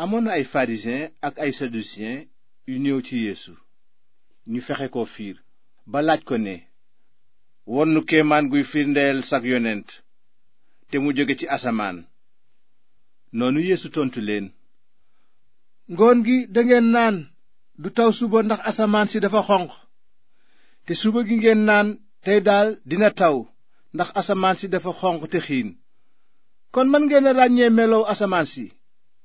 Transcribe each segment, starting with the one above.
amoon na ay farisiyen ak ay sadusiyen yu ñëw ci yeesu ñu fexe ko fiir ba laaj ko ne won nu kéemaan guy firndeel sag yonent te mu jóge ci asamaan noonu yéesu tontu leen ngoon gi dangeen naan du taw suba ndax asamaan si dafa xonq te suba gi ngeen naan tey daal dina taw ndax asamaan si dafa xonq te xiin kon mën ngeen a ràññee melow asamaan si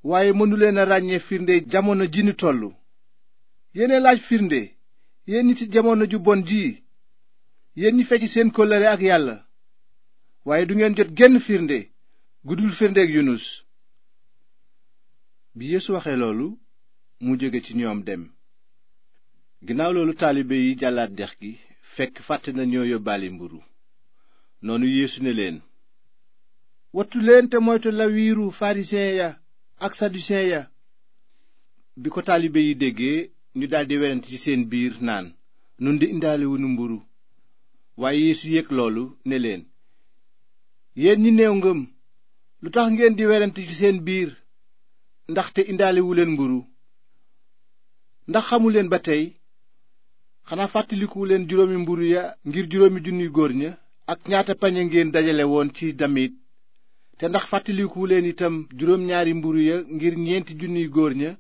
waaye mënuleen a ràññee firnde jamono ji nu tollu yéene laaj firnde yéen ñi ci jamono ju bon ji yéen ñi fecc seen kóllëre ak yàlla waaye du ngeen jot génn firnde gudul firndeeg yunus bi yeesu waxee loolu mu jóge ci ñoom dem ginnaaw loolu taalibe yi jàllaat dex gi fekk fàtte na ñoo yóbbaale mburu noonu yeesu ne leen wattu te moytu la wiiru farisiyen ya ak sadusiyen ya bi ko taalibe yi déggee ñu daldi werante ci seen biir naan nun di indaaliwuñu mburu waaye yeesu yëg loolu ne leen yéen ñi néew ngëm lu tax ngeen di werante ci seen biir ndaxte indaaliwuleen mburu ndax xamuleen ba tey xanaa fàttalikuwuleen juróomi mburu ya ngir juróomi junniy góor ña ak ñaata pañe ngeen dajale woon ci damit te ndax fàttaliku leen itam juróom ñaari mburu ya ngir ñeenti junniy góor ña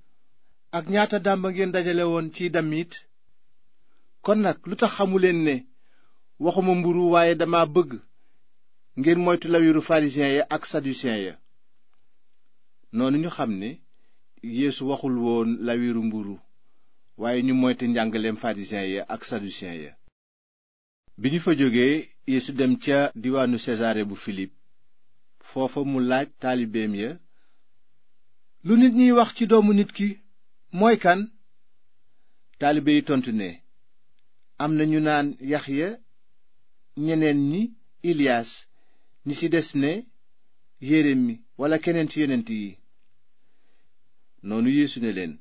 ak ñaata dàmb ngeen dajale woon ci damit kon nag lu tax xamuleen ne waxuma mburu waaye dama bëgg ngeen moytu lawiru farisiyen ya ak sadusiyen ya noonu ñu xam ne yéesu waxul woon lawiru mburu waaye ñu moytu njàngaleem farisiyen ya ak sadusiyen ya bi fa jógee yeesu dem ca diwaanu sesaare bu filip foofa mu laaj taalibeem ya lu nit ñiy wax ci doomu nit ki mooy kan taalibe yi tontu ne am na ñu naan Yaxya ñeneen ñi Iliyaas ñi ci des ne Yeremi walla keneen ci yonent yi noonu Yeesu ne leen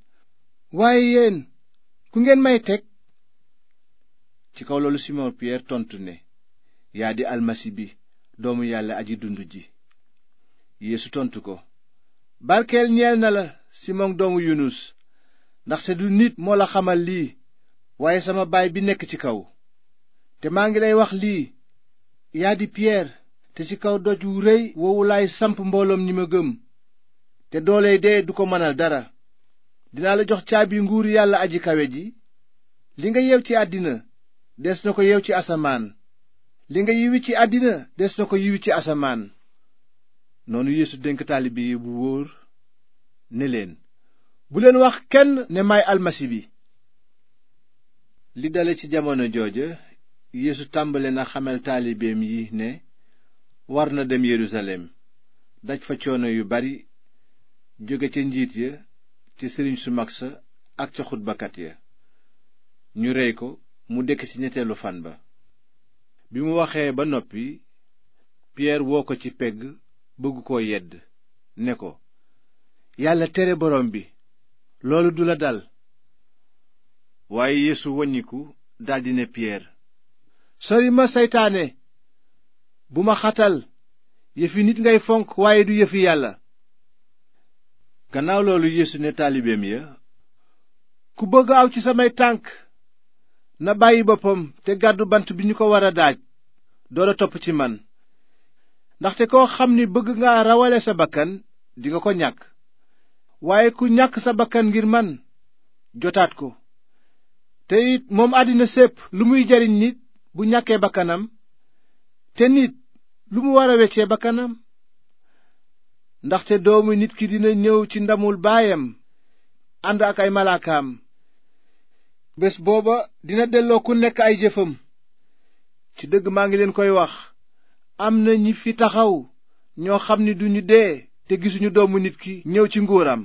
waaye yéen ku ngeen may teg ci kaw loolu Simon Pierre tontu ne yaa di almasi bi doomu yàlla aji dund ji yeesu tontu ko barkeel ñeel na la Simon doomu Yunus ndaxte du nit moo la xamal lii waaye sama baay bi nekk ci kaw te maa ngi lay wax lii yaa di Pierre te ci kaw doj wu rëy woowu laay samp mbooloom ni ma gëm te dooley dee du ko mënal dara dinaa la jox caabi nguur yàlla aji kawe ji li nga yeew ci àddina des na ko yeew ci asamaan li nga yiwi ci àddina des na ko yiwi ci asamaan noonu yeesu dénk taalibe bu wóor ne leen bu leen wax kenn ne maay almasi bi li dale ci jamono jooja yéesu tàmbale na xamal taalibeem yi ne war na dem yerusalem daj fa coono yu bari jóge ca njiit ya ci sëriñ su mag sa ak ca xutbakat ya ñu rey ko mu dekk ci ñetteelu fan ba bi mu waxee ba noppi piyeer woo ko ci pegg bëgg ko yedd ne ko yàlla tere borom bi loolu du la dal waaye yeesu waññiku daldi ne piyeer sori ma seytaane bu ma xatal yëfi nit ngay fonk waaye du yëfi yàlla gannaaw loolu yeesu ne taalibeem ya ku bëgg aw ci samay tànk na bàyyi boppam te gàddu bant bi ñu ko war a daaj door a topp ci man ndaxte koo xam ni bëgg nga rawale sa bakkan dinga ko ñàkk waaye ku ñàkk sa bakkan ngir man jotaat ko te it moom àddina sépp lu muy jariñ nit bu ñàkkee bakkanam te nit lu mu war a weccee bakkanam ndaxte doomu nit ki dina ñëw ci ndamul baayam ànd ak ay malaakaam bés booba dina delloo ku nekk ay jëfam ci dëgg maa ngi leen koy wax am na ñi fi taxaw ñoo xam ni duñu dee te gisuñu doomu nit ki ñëw ci nguuram